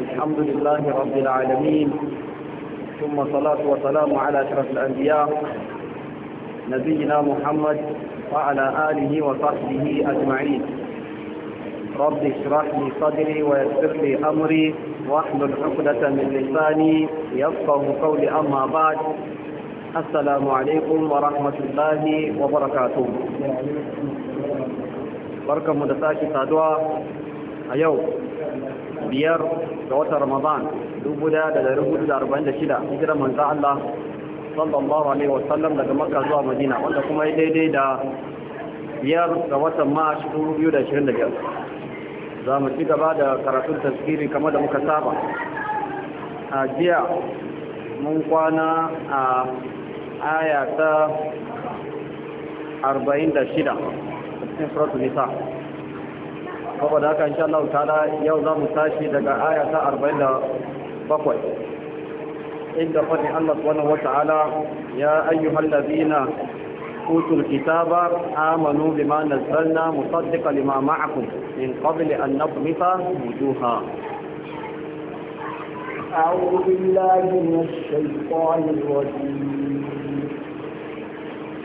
الحمد لله رب العالمين ثم صلاة وسلام على أشرف الأنبياء نبينا محمد وعلى آله وصحبه أجمعين رب اشرح لي صدري ويسر لي أمري واحلل عقدة من لساني يفقه قولي أما بعد السلام عليكم ورحمة الله وبركاته barkanmu da sake saduwa a yau biyar ga watan ramadan 1446 hijirar manzan Allah sallallahu alaihi wasallam daga makka zuwa madina wanda kuma ya daidai da biyar ga watan mash 2025 za mu ci gaba da karatun taskiri kamar da muka saba a jiya mun kwana a aya ta shida. cikin suratul nisa saboda haka insha Allah ta'ala yau za mu tashi daga aya ta 47 inda fadin Allah subhanahu wata'ala ya ayyuhal ladina utul kitaba amanu bima nazzalna musaddiqan lima ma'akum min qabli an nadmisa wujuha أعوذ بالله من الشيطان الرجيم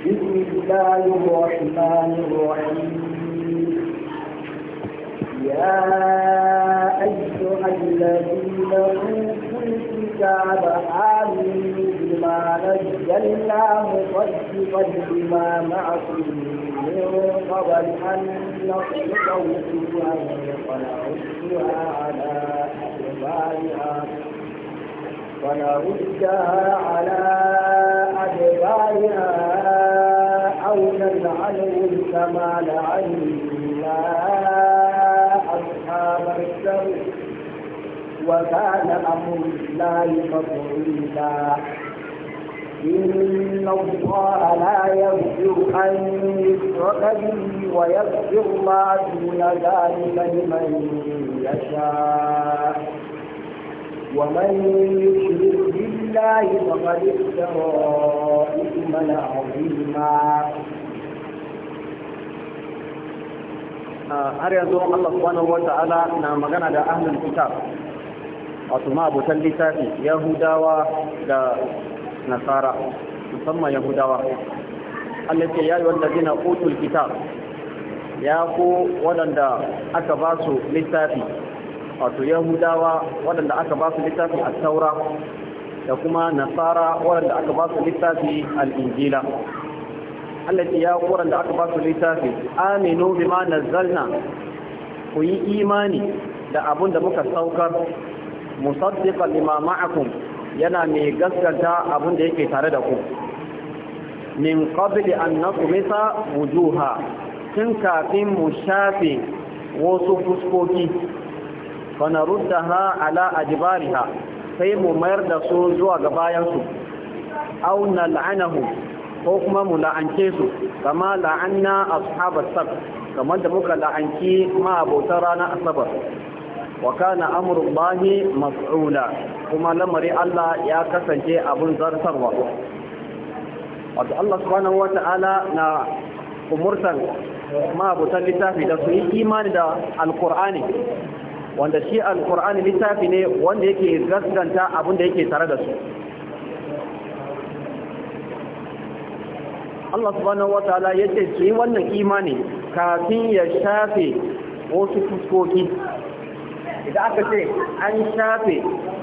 بسم الله الرحمن الرحيم يا أيها الذين أوتوا الكتاب آمنوا بما نزلنا مصدقا لما معكم من قبل أن نخلق وجوها فنردها على أدبارها فنردها على أدبارها لعنهم كما لعنا أصحاب السر وكان أمر الله مفعولا إن الله لا يغفر أن يشرك به ويغفر ما دون ذلك لمن يشاء ومن يشرك بالله فقد افترى إثما عظيما Ah, har yanzu Allah subhanahu wa na magana da ahlul kitab wato ma abutan littafi yahudawa da nasara musamman yahudawa Allah ce ya yi wanda zina utul kitab ya ku waɗanda aka ba su littafi wato yahudawa waɗanda aka ba su littafi a taura da kuma nasara waɗanda aka ba su littafi al'injila Allah ya koran da aka ba su littafi aminu bima nazzalna ku yi imani da abun da muka saukar musaddiqan lima ma'akum yana mai gaskata abun da yake tare da ku min qabli an naqmisa wujuha tun kafin mu shafe wasu fuskoki fa ha ala ajbariha sai mu mayar da su zuwa ga bayansu aw nal'anahu ko kuma mu la'ance su kama la'anna ashabar sab kamar da muka la'anci ma'abotan ranar asabar wa kana amrullahi mas'ula kuma lamari Allah ya kasance abun zartarwa Wata Allah subhanahu na umurtan ma'abotan littafi da su yi imani da alkur'ani wanda shi alkur'ani littafi ne wanda yake gaskanta abin da yake tare da su Allah subhanahu wataala ya ce su yi wannan imani kafin ya shafe wasu fuskoki idan aka ce an shafe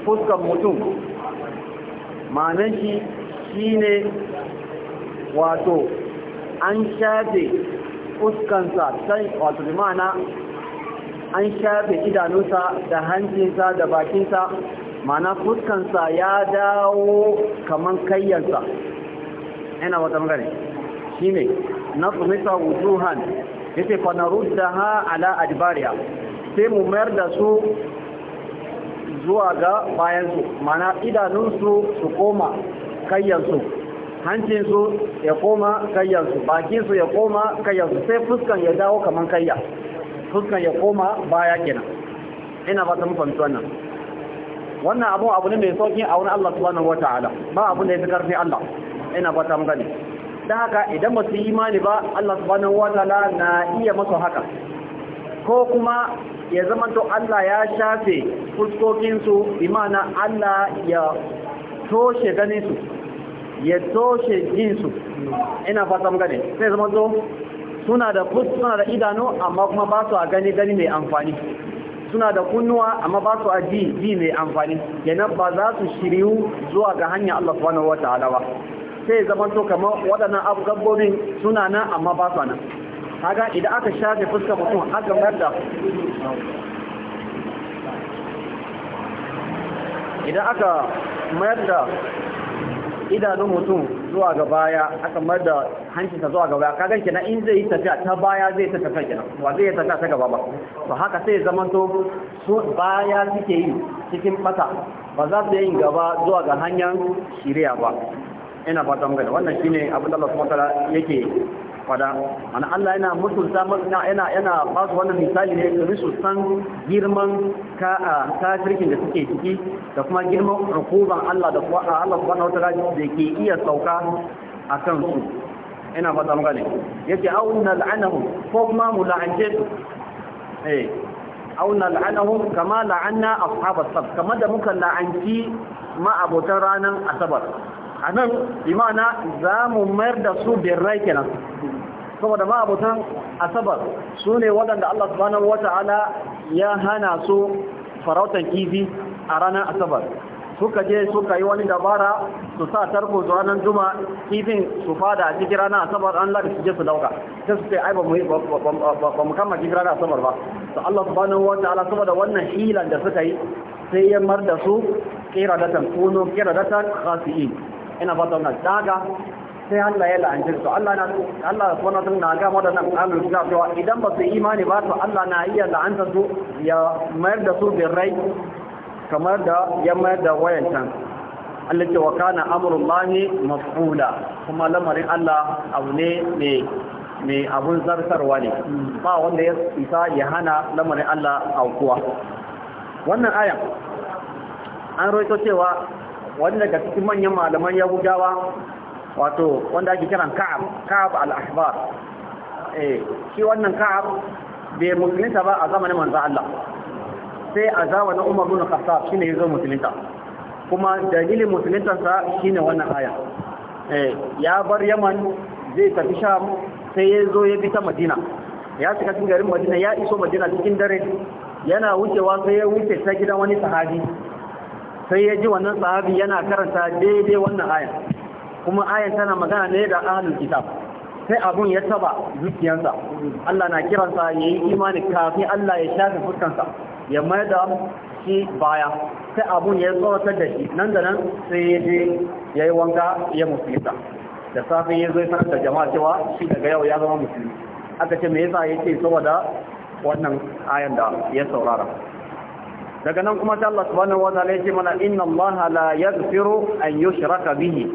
fuskan mutum mananci shi shine wato an shafe fuskansa sai wato bi ma'ana an shafe idanunsa da hancinsa da bakinsa mana fuskansa ya dawo kaman kayyansa yana wata magana shine nasmisa wujuhan yace fa naruddaha ala adbariha sai mu mayar da su zuwa ga bayansu mana idanunsu su koma kayyansu hancinsu ya koma kayyansu bakinsu ya koma kayyansu sai fuskan ya dawo kaman kayya fuskan ya koma baya kenan ina ba ta mu fahimci wannan wannan abu abu ne mai sauki a wani Allah subhanahu wataala ba abu da ya fi karfi Allah ina ba ta mu gani da haka idan ba su yi imani ba Allah subhanahu wa ta'ala na iya masu haka ko kuma ya zamanto Allah ya shafe fuskokinsu imana Allah ya toshe ganinsu ya toshe jinsu ina fata gane sai zama zo suna da suna da idanu amma kuma ba su a gani gani mai amfani suna da kunnuwa amma ba su a ji ji mai amfani yana ba za su shiryu zuwa ga hanya Allah subhanahu wataala ba sai zaman to kamar waɗannan abu gabbobin suna nan amma ba su nan haka idan aka shafe fuska mutum aka mayar da idan aka mayar da idanun mutum zuwa ga baya aka mayar da hancinsa zuwa ga baya kagan kina in zai yi tafiya ta baya zai ta tafiya kina ba zai yi tafiya ta gaba ba to haka sai zaman to su baya suke yi cikin fata ba za su yi gaba zuwa ga hanyar shirya ba ina fata mun gani wannan shine abin da Allah subhanahu wataala yake fada ana Allah yana mutunta yana yana yana ba su wannan misali ne domin su san girman ka kafirkin da suke ciki da kuma girman hukuman Allah da kuma Allah subhanahu wataala da ke iya sauka akan su ina fata mun gani yace auna la'anahum ko kuma mu la'ance su eh auna la'anahu kama la'anna ashabas sab kama da muka la'anci ma abotan ranan asabar a nan imana za mu mayar da su birrai kenan saboda ma abutan asabar su ne waɗanda Allah subhanahu wata'ala ya hana su farautan kifi a ranar asabar suka je suka yi wani dabara su sa tarko su ranar juma kifin su fada a cikin ranar asabar an lada su je su dauka Ta su ce ai ba mu kama cikin ranar asabar ba to Allah subhanahu wata'ala saboda wannan hilan da suka yi sai ya mar da su kira datan, kiradatan kunu kiradatan khasi'in ina fata wannan daga sai Allah ya la'anci su Allah na Allah na tun na ga wadannan ahlul kitab cewa idan ba su imani ba to Allah na iya la'anta su ya mayar da su rai kamar da ya mayar da wayanta. Allah ce wa kana amrullahi maf'ula kuma lamarin Allah abu ne ne mai abun zartarwa ne ba wanda ya isa ya hana lamarin Allah aukuwa wannan aya an roito cewa wani daga cikin manyan malaman yahudawa wato wanda ake kiran ka'ab ka'ab al-ahbar eh shi wannan ka'ab bai musulunta ba a zamanin manzo Allah sai a zamanin Umar bin Khattab shine zo musulunta kuma dalilin musulunta sa shine wannan aya eh ya bar Yaman zai tafi Sham sai zo ya bi ta Madina ya shiga cikin garin Madina ya iso Madina cikin dare yana wucewa sai ya wuce ta gidan wani sahabi sai ya ji wannan sahabi yana karanta daidai wannan ayan kuma ayan tana magana ne da ahlul kitab sai abun ya taba zuciyarsa Allah na kiransa ya yi imani kafin Allah ya shafe fuskansa ya mai da shi baya sai abun ya tsawatar da shi nan da nan sai ya je ya yi wanka ya musulunta da safin ya zai sanar da jama'a cewa shi daga yau ya zama musulmi aka ce me yasa ya saboda wannan ayan da ya saurara daga nan kuma Allah subhanahu wataala yake mana inna Allah la yaghfiru an yushraka bihi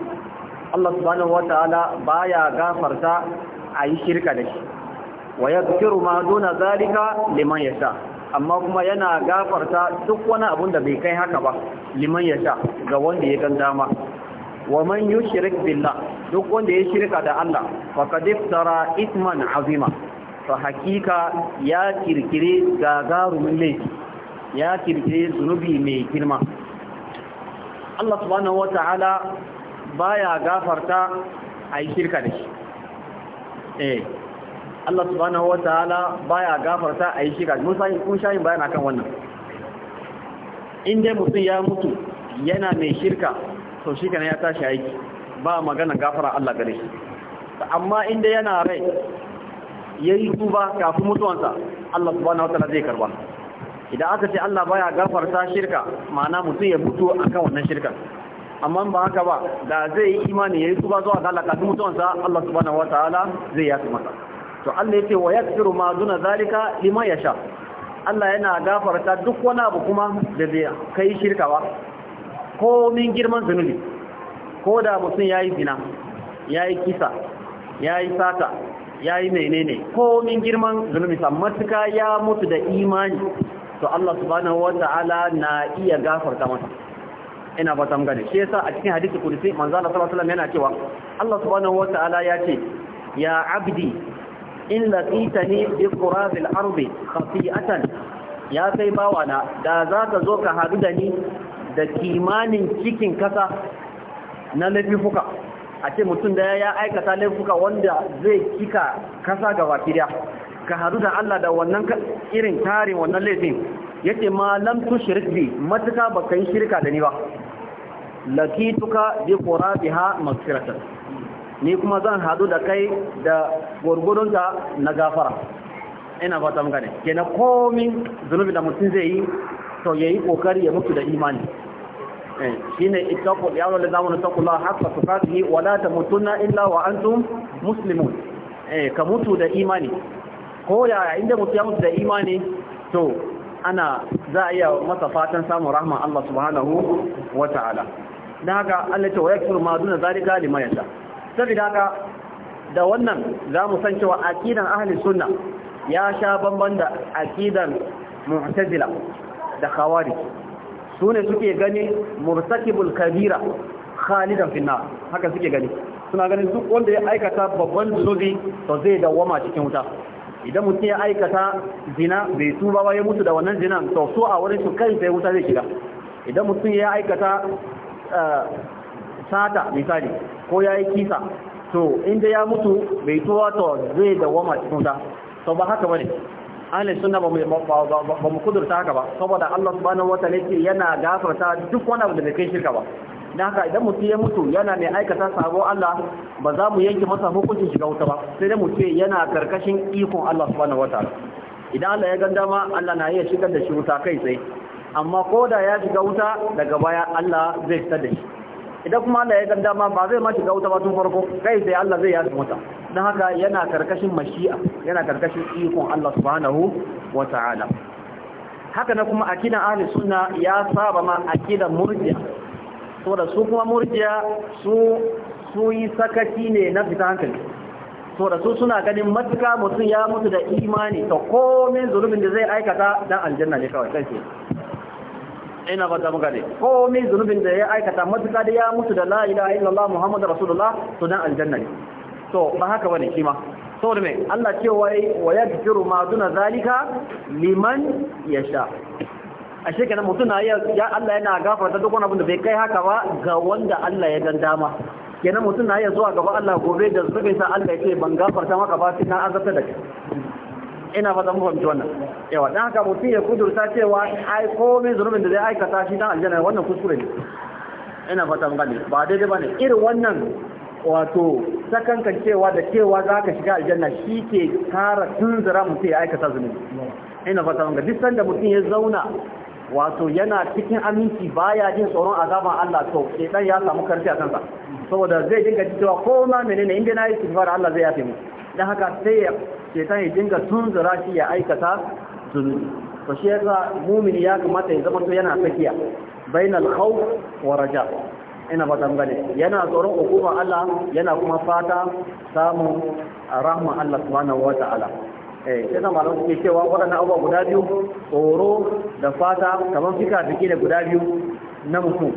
Allah subhanahu wataala baya gafarta a yi shirka da shi wa yaghfiru ma duna zalika liman yasha amma kuma yana gafarta duk wani abun da bai kai haka ba liman yasha ga wanda ya gan dama wa man yushrik billah duk wanda ya shirka da Allah faqad iftara isman azima fa hakika ya kirkire gagarumin laifi ya kirkire zunubi mai girma Allah subhanahu wata'ala baya gafarta a yi shirka da shi eh Allah subhanahu wata'ala baya gafarta a yi shirka mun sai kun shayin bayan akan wannan Inda mutum ya mutu yana mai shirka to shi kana ya tashi aiki ba magana gafara Allah gare shi amma inda yana rai ya yi tuba kafin mutuwansa Allah subhanahu wataala zai karba idan aka ce Allah baya gafarta shirka ma'ana mutum ya fito akan wannan shirka amma ba haka ba da zai yi imani yayi tuba zuwa ga Allah kafin mutuwansa Allah subhanahu wataala zai yafi masa to Allah ce wa yaghfiru ma duna zalika liman yasha Allah yana gafarta duk wani abu kuma da zai kai shirka ba ko min girman zunubi ko da mutum yayi zina yayi kisa yayi sata yayi menene ko min girman zunubi sa matuka ya mutu da imani to Allah subhanahu wata'ala na iya gafarta masa ina fata mun gane shi yasa a cikin hadisi kudusi manzo Allah sallallahu alaihi wasallam yana cewa Allah subhanahu wata'ala ya ce ya abdi in laqitani bi qurabil ardi khati'atan ya kai na. da za ka zo ka hadu da ni da kimanin cikin kasa na laifuka a ce mutum da ya aikata laifuka wanda zai kika kasa gaba kiriya ka hadu da Allah da wannan irin tarin wannan laifin yace ma lam tushrik bi matuka ba yi shirka da ni ba lakituka bi qurabiha maghfiratan ni kuma zan hadu da kai da gurgurun na gafara ina fata mun gane kenan komin zunubi da mutum zai yi to yayi kokari ya mutu da imani eh shine ittaqu ya wala zamanu taqullaha haka tuqatihi wa la tamutunna illa wa antum muslimun eh, ka mutu da imani ko yaya inda mutum ya mutu da imani to ana za a iya masa fatan samun rahman Allah subhanahu wa ta'ala Da haka Allah ta wayar ma duna zalika liman yasha saboda haka da wannan za mu san cewa aqidan ahli sunna ya sha bamban da aqidan mu'tazila da khawarij su ne suke gani murtakibul kabira khalidan finna haka suke gani suna ganin duk wanda ya aikata babban zubi to zai dawwama cikin wuta idan mutum ya aikata zina bai tuba ba ya mutu da wannan zinan to so a wurin su kai sai wuta zai shiga idan mutum ya aikata eh, sata misali ko ya yi kisa to inda ya mutu bai tuwa to zai wama cikin ta to ba haka bane ahli sunna ba mu kudurta haka ba saboda Allah subhanahu wataala yake yana gafarta duk wani abu da bai kai shirka ba dan haka idan mutum ya mutu yana mai aikata sabon Allah ba za mu yanke masa hukuncin shiga wuta ba sai dai mu yana karkashin ikon Allah subhanahu wataala idan Allah ya ganda ma Allah na iya shigar da shi wuta kai tsaye amma ko da ya shiga wuta daga baya Allah zai fitar da shi idan kuma Allah ya ganda ma ba zai ma shiga wuta ba tun farko kai sai Allah zai yaji wuta don haka yana karkashin mashi'a yana karkashin ikon Allah subhanahu wata'ala haka na kuma akidan ahli sunna ya saba ma akidan murji'a saboda su kuma murjiya su su yi sakaci ne na fita hankali saboda su suna ganin matuka mutum ya mutu da imani ta komin zunubin da zai aikata dan aljanna ne kawai kanke ina ba ta muka ne komin zunubin da ya aikata matuka da ya mutu da la ilaha illallah muhammadu rasulullah to dan aljanna ne to ba haka bane shi ma da mai Allah cewa wa yaghfiru ma duna zalika liman yasha a shekara mutum na ya Allah yana gafarta duk wani abin da bai kai haka ba ga wanda Allah ya dan dama kenan mutum na iya zuwa gaba Allah gobe da suka sa Allah ya ce ban gafarta maka ba sai na azabta da kai ina fata mu fahimci wannan yawa dan haka mutum ya kudurta cewa ai komai zunubin da zai aikata shi dan aljanna wannan kuskure ne ina fata mun gane ba daidai bane irin wannan wato sakankan cewa da cewa za ka shiga aljanna shi ke kara tunzura mutum ya aikata zunubi ina fata mun gane duk sanda mutum ya zauna wato yana cikin aminci baya jin tsoron azaban Allah to shedan ya samu karfi a kansa saboda zai dinga cewa ko ma menene inda na yi istighfar Allah zai yafe mu dan haka sai ya shedan ya dinga tunzura shi ya aikata zunubi to shi yasa mu'mini ya kamata ya zama to yana sakiya bainal khawf wa raja ina ba gane yana tsoron hukumar Allah yana kuma fata samun rahman Allah subhanahu wa ta'ala Sai zama da suke cewa waɗannan abubuwa guda biyu tsoro da fata kamar fika fiki da guda biyu na mutum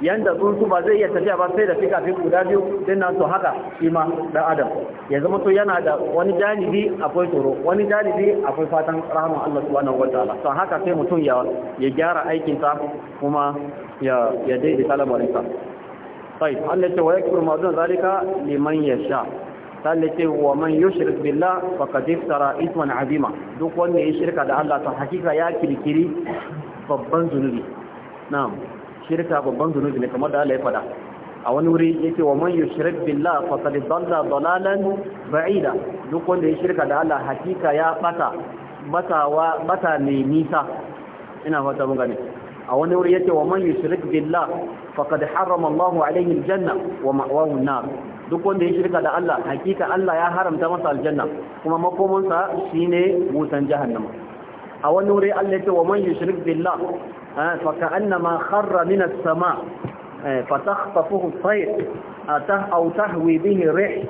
yanda su ba zai iya tafiya ba sai da fika fiki guda biyu din nan to haka shi ma dan adam ya zama to yana da wani janibi akwai tsoro wani janibi akwai fatan rahama Allah subhanahu wataala to haka sai mutum ya ya gyara aikin sa kuma ya ya daidaita lamarin sa طيب الله يتوكل ما sallace wa man yushrik billah faqad iftara ithman azima duk wanda ya shirka da Allah to hakika ya kirkiri babban zunubi na'am shirka babban zunubi ne kamar da Allah ya fada a wani wuri yake wa man yushrik billah faqad dalla dalalan ba'ida duk wanda ya shirka da Allah hakika ya bata batawa bata ne nisa ina fata mun gane a wani wuri yace wa man yushrik billah faqad harrama Allah alayhi aljanna wa ma'wahu an-nar duk wanda ya shirka da Allah hakika Allah ya haramta masa aljanna kuma makomansa shine wutan jahannama a wani wuri Allah yace wa man yushrik billah eh, fa ka'annama kharra min as-sama' فتخطفه الطير أو تهوي به الريح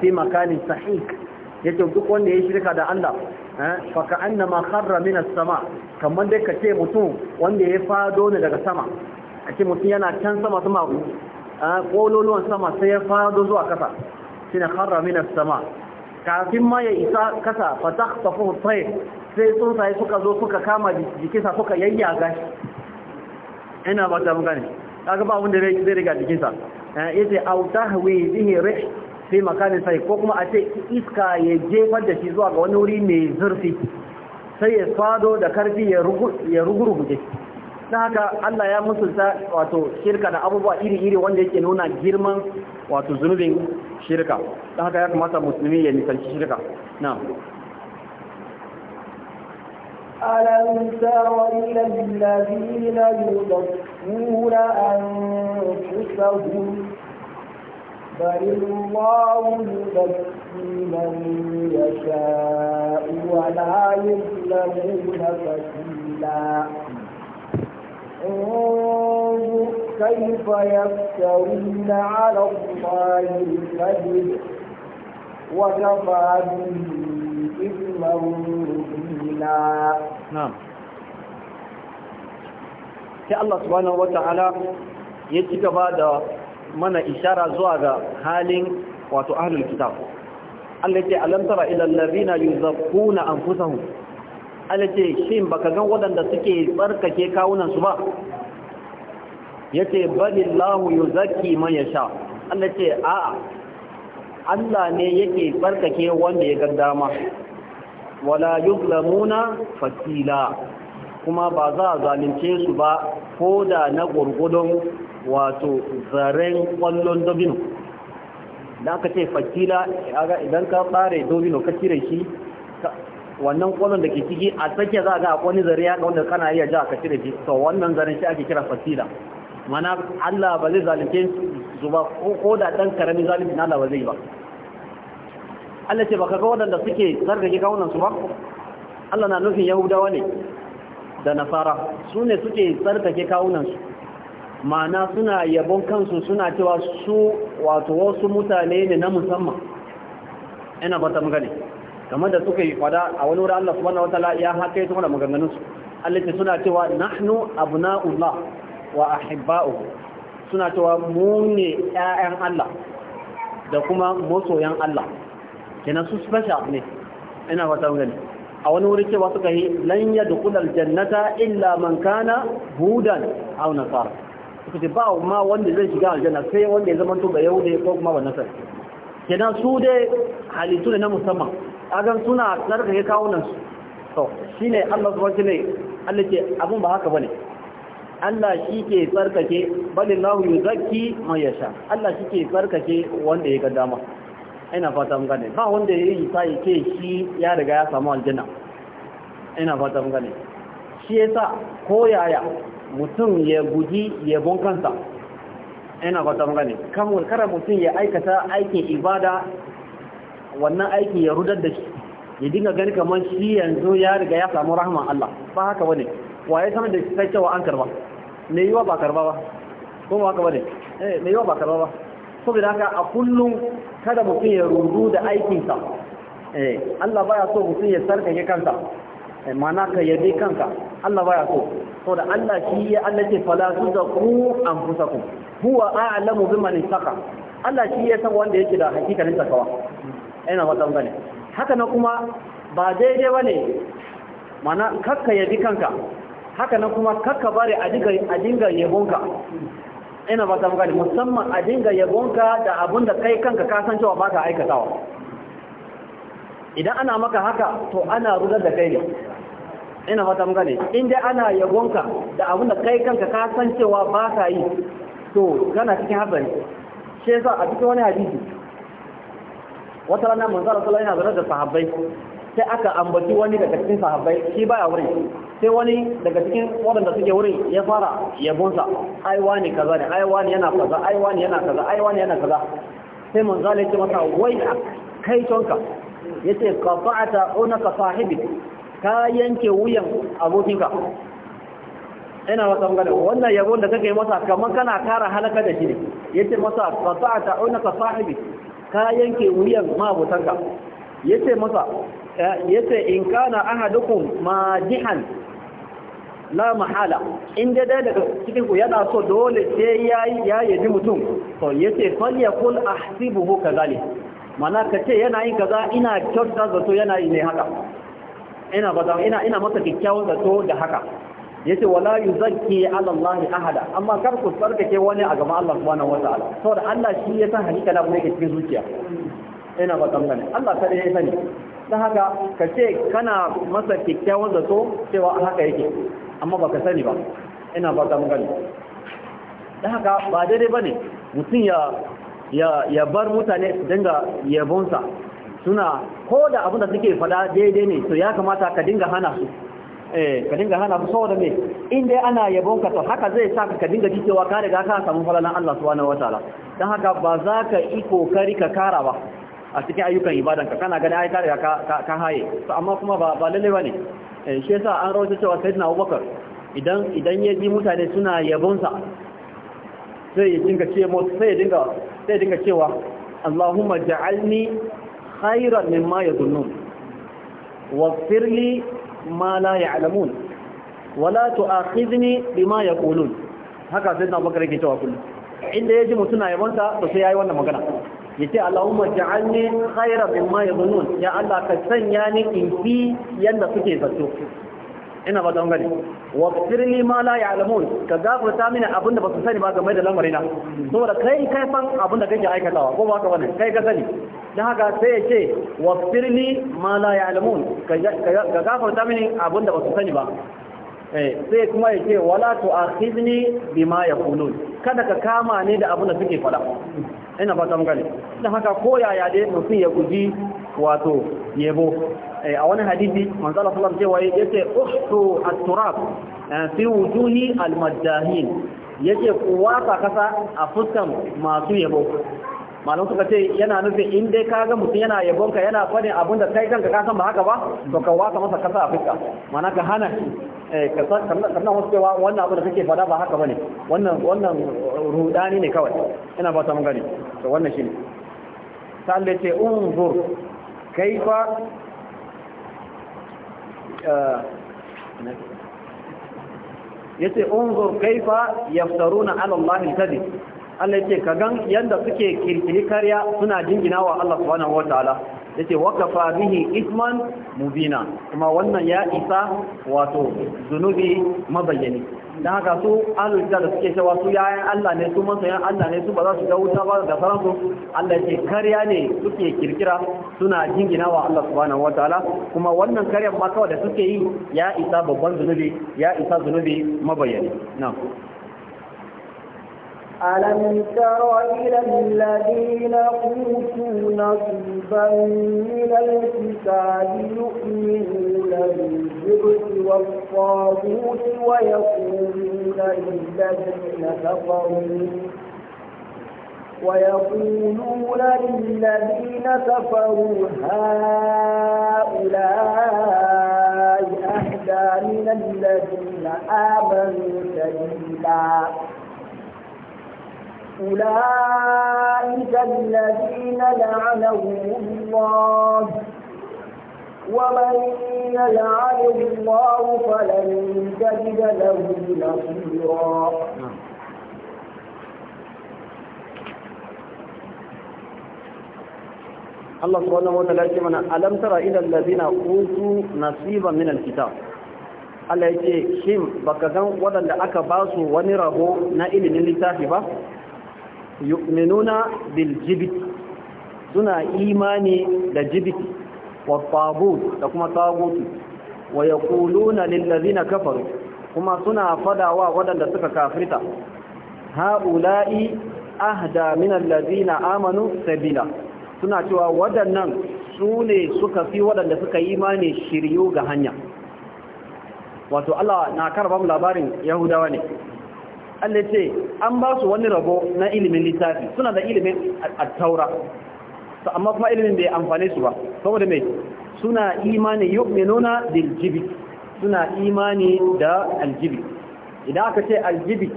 في مكان سحيق yace duk wanda ya shirka da Allah Eh? faka annama kharra min as-sama kamar dai kace mutum wanda ya fado ne daga sama A ce mutum yana can sama sama eh, kololuwan sama sai ya fado zuwa kasa shine kharra min as-sama kafin ma ya isa kasa fatakhtafu tayr sai tsuntsaye suka zo suka kama jikinsa suka yayyaga shi ina ba ta mun gane kaga ba wanda zai riga jikinsa eh, yace au tahwi bihi rih sai makamin sai ko kuma a ce iska ya jefar da shi zuwa ga wani wuri mai zurfi sai ya fado da karfi ya rugurguje ta haka Allah ya musulta wato shirka da abubuwa iri-iri wanda yake nuna girman wato zunubin shirka ta haka ya kamata musulmi ya nisanci shirka na ألم بل الله يزكي من يشاء ولا يظلمون فتيلا انظر كيف يفترون على الله الكذب وكفى به إثما مبينا نعم sai Allah subhanahu wa ta'ala ya mana ishara zuwa ga halin wato ahlul kitab Allah ce alam tara ila allazina yuzakkuna anfusahum Allah ce shin baka ga wadanda suke tsarkake kawunan su ba yace balillahu yuzakki man yasha Allah ce a'a Allah ne yake tsarkake wanda ya ga dama wala yuzlamuna fatila kuma ba za a zalunce su ba ko da na gurgudun wato zaren kwallon domino da aka ce fakila idan ka tsare domino ka cire shi wannan kwallon da ke ciki a tsakiya za a ga wani zare ya wanda kana iya ja ka cire shi to wannan zaren shi ake kira fakila mana Allah ba zai zalunce su ba ko da dan karami zalunci Allah ba zai ba Allah ce baka ga waɗanda suke zargaje kawunan su ba Allah na nufin Yahudawa ne da nasara su ne suke tsarkake kawunansu ma'ana suna yabon kansu suna cewa su wato wasu mutane ne na musamman ina ba ta magani kamar da suka yi fada a wani wurin Allah subhanahu wataala ya haka yi tukuna maganganun su Allah suna cewa nahnu abna'ullah wa ahibba'uhu suna cewa mu ne ƴaƴan Allah da kuma masoyan Allah kenan su special ne ina ba ta magani a wani wuri cewa suka yi lan yadkhul aljannata illa man kana hudan aw nasara suka ce ba ma wanda zai shiga aljanna sai wanda ya zama to ba yahude ko kuma ba nasara kenan su dai halittu ne na musamman agan suna kawo kawunan su to shine Allah subhanahu wa Allah ce abun ba haka bane Allah shi ke tsarkake balillahu yuzakki man yasha Allah shi ke tsarkake wanda ya ga dama ina fata mun gane ba wanda ya yi sai ke shi ya riga ya samu aljanna ina fata mun gane shi yasa ko yaya mutum ya guji yabon kansa ina fata mun gane kamar kada mutum ya aikata aikin ibada wannan aikin ya rudar da shi ya dinga gani kamar shi yanzu ya riga ya samu rahman Allah ba haka bane waye sanar da shi sai cewa an karba me yiwa ba karba ba ko ba haka bane eh me yiwa ba karba ba saboda haka a kullum kada mutum ya rudu da aikinsa eh Allah baya so mutum ya sarkake kansa eh, mana ka yabe kanka Allah baya so saboda Allah shi ya Allah ce fala tuzaku anfusakum huwa a'lamu biman ittaqa Allah shi ya san wanda yake da hakikanin takawa ina fatan bane haka na kuma ba daidai bane mana kakka yabi kanka haka na kuma kakka bare a dinga a dinga yabonka ina ba ta buga musamman a dinga yabonka da abun da kai kanka kasancewa ba ka aikatawa idan ana maka haka to ana rudar da kai ne ina fata muka ne in dai ana yabonka da abin da kai kanka ka san cewa ba ka yi to kana cikin hatsari shi yasa a cikin wani hadisi wata rana manzo Allah yana zarar da sahabbai sai aka ambaci wani daga cikin sahabbai shi baya wurin sai wani daga cikin waɗanda suke wurin ya fara yabonsa ai wani kaza ne ai wani yana kaza ai wani yana kaza ai wani yana kaza sai manzo Allah ya masa wai kai tonka yace qata'ata unaka sahibi ka yanke wuyan abokinka ina wata magana wannan yabon da kake masa kamar kana kara halaka da shi ne yace masa qata'ata unaka sahibi ka yanke wuyan mabutanka yace masa Eh, yace in kana ahadukum majihan la mahala in dai daga cikin ku yana so dole sai yayi ya yaji mutum to yace fal yakul ahsibuhu kazalik mana kace yana yin kaza ina kyautar zato yana yi ne haka ina ba ina ina masa kikkiawar zato da haka yace wala yuzakki ala Allah ahada amma kar ku tsarkake wani a gaban Allah subhanahu wataala saboda Allah shi ya san hakika na kuma yake cikin zuciya ina ba Allah kada ya sani don haka ka ce kana masa kyakkyawan zato cewa haka yake amma ba ka sani ba ina ba ta magana don haka ba daidai ba ne mutum ya bar mutane dinga yabonsa suna ko da abin da suke fada daidai ne to ya kamata ka dinga hana su eh ka dinga hana su saboda me in dai ana yabon ka to haka zai sa ka dinga ji cewa ka riga ka samu falalan Allah subhanahu wataala dan haka ba za ka yi kokari ka kara ba a cikin ayyukan ibadanka kana gani ai ka riga ka haye to amma kuma ba ba lalle bane eh, shi yasa an rawaito cewa sayyidina Abubakar idan idan ya ji mutane suna yabonsa sai ya dinga ce mu sai ya dinga sai ya dinga cewa Allahumma ja'alni khairan mimma yadhunnun waghfir li ma la ya'lamun la tu'akhidhni bima yaqulun haka sayyidina Abubakar yake cewa kullum inda ya ji mutuna yabonsa to sai yayi wannan magana yace Allahumma ja'alni khayra mimma yadhunnun ya Allah ka sanya ni in fi yanda suke zato ina ba don gani wa firni ma la ya'lamun ka gafarta mini abinda ba su sani ba game da lamarina saboda kai kai san abinda kake aikatawa ko ba ka bane kai ka sani dan haka sai ya ce firni ma la ya'lamun ka gafarta mini abinda ba su sani ba eh sai kuma ya ce wala tu'akhidni bima yaqulun kada ka kama ni da abinda suke faɗa ina ba ta magana da haka koya yaya dai mutum ya guji wato yebo eh, a wani hadisi manzo Allah sallallahu alaihi wasallam yace uhtu at-turab eh, fi wujuhi al-maddahin yace kuwa ka kasa a fuskan masu yebo malam suka ce yana nufin in dai ka ga mutum yana yabon ka yana faɗin abin da kai kanka ka san ba haka ba to ka wasa masa kasa a fuska mana ka hana shi wasu eh, cewa wannan abin da kake faɗa ba haka bane wannan wannan rudani ne kawai ina ba ta mun gani to wannan shine sa'an ce unzur kaifa eh, yace unzur kaifa yaftaruna ala Allah al Allah yace kagan yanda suke kirkiri kariya suna jinginawa Allah subhanahu wataala yace wakafa bihi isman mubina kuma wannan ya isa wato zunubi mabayyani Da haka su ahlul kitab da suke cewa su yayan Allah ne su masoyan Allah ne su ba za su ga wuta ba da sauransu Allah ce karya ne suke kirkira suna jingina wa Allah subhanahu wataala kuma wannan karyar ma kawai da suke yi ya isa babban zunubi ya isa zunubi mabayani na'am ألم تر إلى الذين أوتوا نصيبا من الكتاب يؤمنون بالجبت والطاغوت ويقولون للذين كفروا ويقولون للذين كفروا هؤلاء أهدى من الذين آمنوا سبيلا أولئك الذين لعنهم الله ومن يلعنه الله فلن تجد له نصيرا الله سبحانه وتعالى يقول ألم ترى إلى الذين أوتوا نصيبا من الكتاب Allah ya ce, Shim, baka gan waɗanda aka ba su wani rago yu'minuna bil suna imani da jibit wa da kuma tagut wa yaquluna lil ladina kafaru kuma suna fadawa waɗanda suka kafirta haula'i ahda min alladhina amanu sabila suna cewa wadannan su ne suka fi waɗanda suka yi imani shiryu ga hanya wato Allah na karba labarin Yahudawa ne Allah ce an ba su wani rabo na ilimin littafi suna da ilimin at-taura to amma kuma ilimin bai amfane su ba saboda me suna imani yu'minuna bil jibit suna imani da aljibit idan aka ce aljibit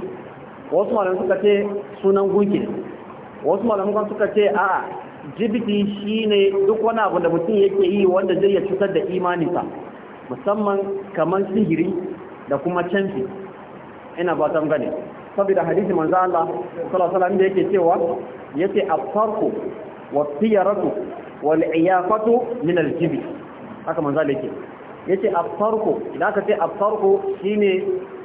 wasu malaman suka ce sunan gunki wasu malaman suka ce a'a jibiti shine duk wani abu da mutum yake yi wanda zai ya cutar da imaninsa musamman kamar sihiri da kuma canfi ina ba ta gane saboda hadisi manzo Allah sallallahu alaihi wasallam da yake cewa yace afarku wa tiyaratu wal iyafatu min al jibi haka manzo Allah yake yace afarku idan ka ce afarku shine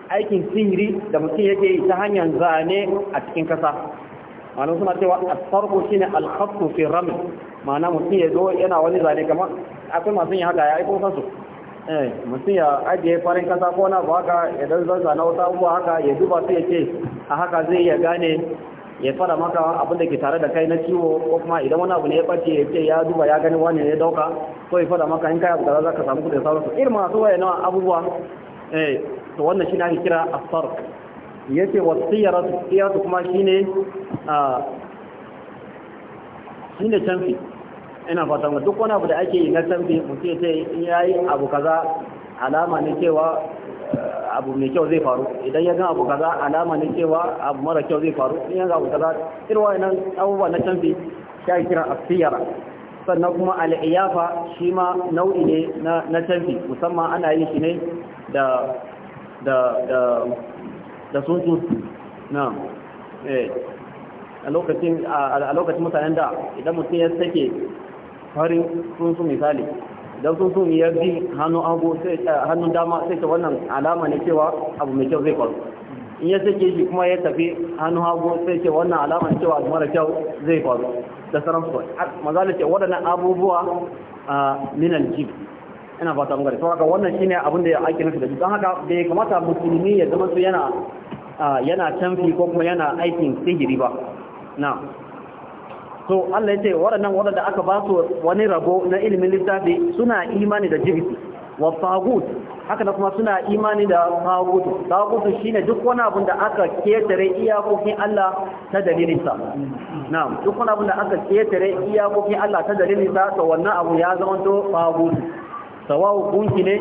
aikin sihiri da mutum yake yi ta hanyar zane a cikin kasa malamu suna cewa afarku shine al khattu fi raml ma'ana mutum ya zo yana wani zane kamar akwai masu yin haka ya aiko kansu Eh, mutum ya ajiye farin kasa ko na ba haka ya dan zanza na wata abubuwa haka ya duba su ya ce a haka zai ya gane ya fara maka abin da ke tare da kai na ciwo ko kuma idan wani abu ne ya ɓace ya ce ya duba ya gani wani ya dauka ko ya fara maka in kai abu da za ka samu kudin sauransu irin masu waya na abubuwa eh to wannan shi ne ake kira asfar yace wasiyaratu su kuma shine a ah, shine canfi ina fatan duk wani abu da ake yi na tambi mutum ce in yayi abu kaza alama ne cewa eh, abu mai kyau zai faru idan ya ga abu kaza alama ne cewa abu mara kyau zai faru in ya ga abu kaza irin nan abubuwa na tambi shi kira asiyara sannan kuma al'iyafa shi ma nau'i ne na tambi musamman ana yin shi ne da da da da sunsu na eh a lokacin mutanen da idan mutum ya sake sun su misali don tsuntsu ya bi hannun hagu hannun dama sai ta wannan alama ne cewa abu mai kyau zai faru in ya sake shi kuma ya tafi hannun hagu sai ce wannan alama ne cewa abu mara kyau zai faru da sauran su mazali ce waɗannan abubuwa a minan jib ina fata mugari to haka wannan shine abin da ake nufi da shi don haka bai kamata musulmi ya zama su yana yana canfi ko kuma yana aikin sihiri ba na'am so Allah ya ce waɗannan waɗanda aka ba su wani rabo na ilimin littafi suna imani da jibiti wa tagut haka na kuma suna imani da tagut tagut shine duk wani abu da aka ketare iyakokin Allah ta dalilin sa na'am duk wani abu da aka ketare iyakokin Allah ta dalilin sa to wannan abu ya zama to tagut sawau gunki ne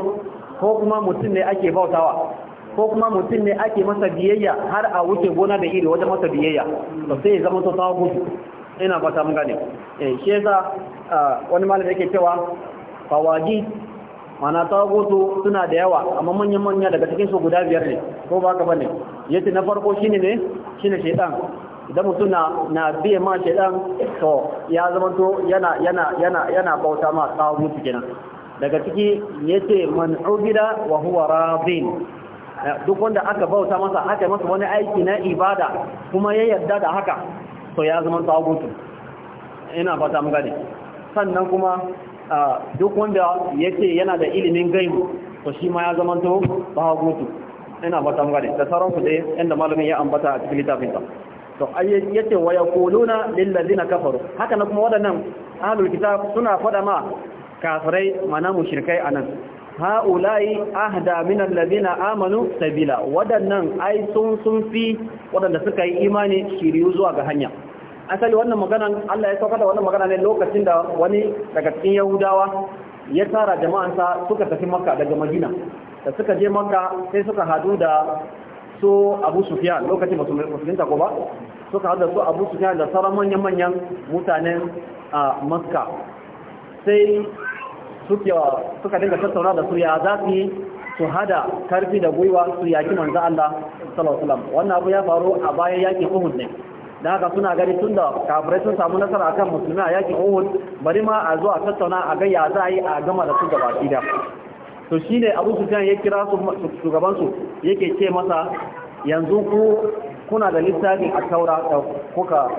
ko kuma mutum ne ake bautawa ko kuma mutum ne ake masa biyayya har a wuce gona da iri wajen masa biyayya to sai ya zama to tagut ina ba ta mun eh shi yasa wani malami yake cewa fawaji mana tawagoto suna da yawa amma manyan manya daga cikin su guda biyar ne ko ba ka bane yace na farko shine ne shine shedan idan mutum na na biye ma shedan to ya zama to yana yana yana yana bauta ma tawagoto kenan daga ciki yace man ubida wa huwa radin eh, duk wanda aka bauta masa aka masa wani aiki na ibada kuma ya yarda da haka to ya zama tsagutu ina fata mun gane sannan kuma duk wanda ya ce yana da ilimin gaibu to shi ma ya zama to ina fata mun gane da sauran kudai yadda malamin ya ambata a cikin littafinta. To to yace waya koluna lillazi na kafaru haka na kuma waɗannan ahlul kitab suna faɗa ma kafirai mana a nan. ha'ula'i ahda minan allazina amanu sabila wadannan ai sun sun fi wadanda suka yi imani shiriyu zuwa ga hanya asali wannan maganan Allah ya saukar da wannan magana ne lokacin da wani daga cikin Yahudawa ya tara jama'ansa suka tafi Makka daga Madina da suka je Makka sai suka hadu da su Abu Sufiya lokacin ba su musulunta ko ba suka hadu da su Abu Sufiya da sauran manyan manyan mutanen a ah, Makka sai suka dinga tattauna da su ya za su yi su hada karfi da gwiwa su yaki manzo Allah sallallahu alaihi wasallam wannan abu ya faru a bayan yaki Uhud ne dan haka suna gani tun da kafirai sun samu nasara akan musulmi a yakin Uhud bari ma a zo a tattauna a ga ya za a yi a gama da su gaba ɗaya to shine Abu Sufyan ya kira su shugaban su yake ce masa yanzu ku kuna da littafin a taura da kuka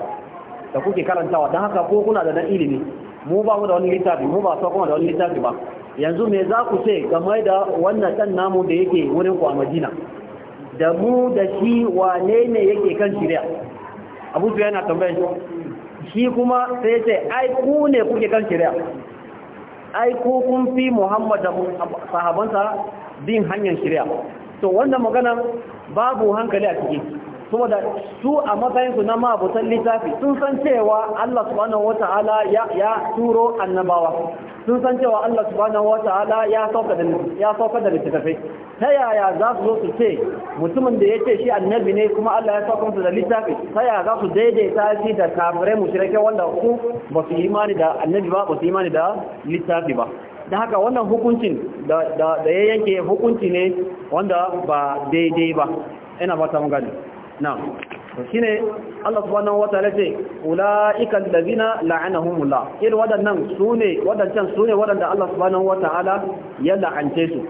da kuke karantawa dan haka ko kuna da dan ilimi mu ba mu da wani littafi mu ba so kuma da wani littafi ba yanzu me za ku ce game da wannan ɗan namu da yake wurin ku a madina da mu da shi wane ne yake kan shirya abu su yana tambayin shi kuma sai ce ai ku ne kuke kan shirya ai ku kun fi muhammad da sahabansa bin hanyar shirya to wannan magana babu hankali a ciki saboda su a matsayinsu na mabutan littafi sun san cewa Allah subhanahu wata'ala ya turo annabawa sun san cewa Allah subhanahu wata'ala ya sauka da ya littafi ta yaya za su zo su ce mutumin da yake shi annabi ne kuma Allah ya sauka da littafi ta yaya za su daidaita shi da kafirai mushrike wanda ku ba su imani da annabi ba ba su imani da littafi ba da haka wannan hukuncin da ya yanke hukunci ne wanda ba daidai ba ina ba ta na'am ne Allah subhanahu wataala ce ulaika allazina la'anahumullah irin wadannan sune wadancan sune wadanda Allah subhanahu wataala ya la'ance su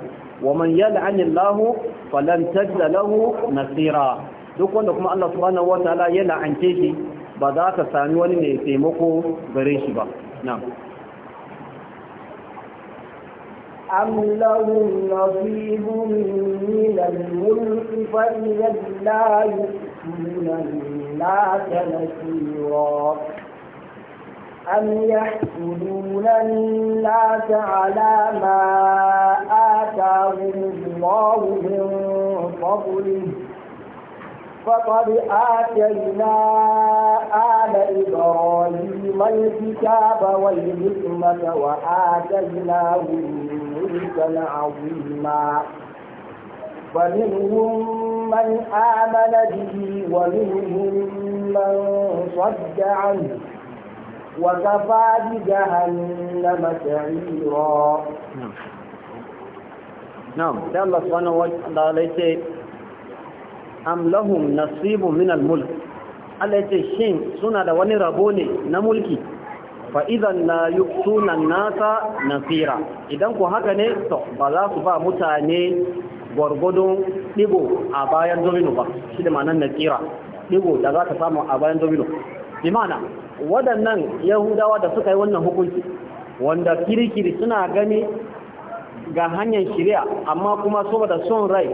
wa man yal'anillahu falan tajda lahu nasira duk wanda kuma Allah subhanahu wataala ya la'ance shi ba za ka sami wani mai taimako gare shi ba na'am أم لهم نصيب من الملك فإذا لا من الناس تنسيرا أم يحسدون الناس على ما آتاهم الله من فضله فقد آتينا آل إبراهيم الكتاب والحكمة وآتيناهم ملكا عظيما فمنهم من آمن به ومنهم من صد عنه وكفى بجهنم سعيرا نعم sai Allah subhanahu wa ta'ala yace am lahum nasibun min al-mulk Allah yace shin suna da wani rabo ne na mulki fa idan la yuqtuna an-nasa nasira idan ku haka ne to ba za su ba mutane gwargwadon ɗigo a bayan domino ba shi da ma'anar na tsira ɗigo da za ta samu a bayan domino bi ma'ana waɗannan yahudawa da suka yi wannan hukunci wanda kirikiri suna gani ga hanyar shirya amma kuma saboda son rai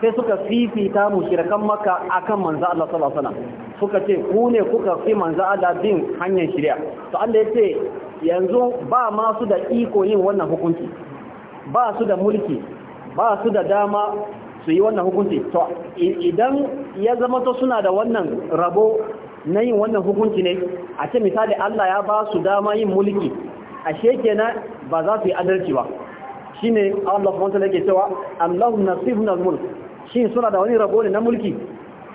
sai suka fifita mu shirkan maka akan manza Allah sallallahu alaihi suka ce ku ne kuka fi manza Allah bin hanyar shirya to Allah ya ce yanzu ba ma su da iko yin wannan hukunci ba su da mulki ba su da dama su yi wannan hukunci to idan ya zama to suna da wannan rabo na yin wannan hukunci ne a ce misali Allah ya ba su dama yin mulki a kenan ba za su yi adalci ba shi ne Allah kuma ta lake cewa Allah na mulk shin suna da wani rabo ne na mulki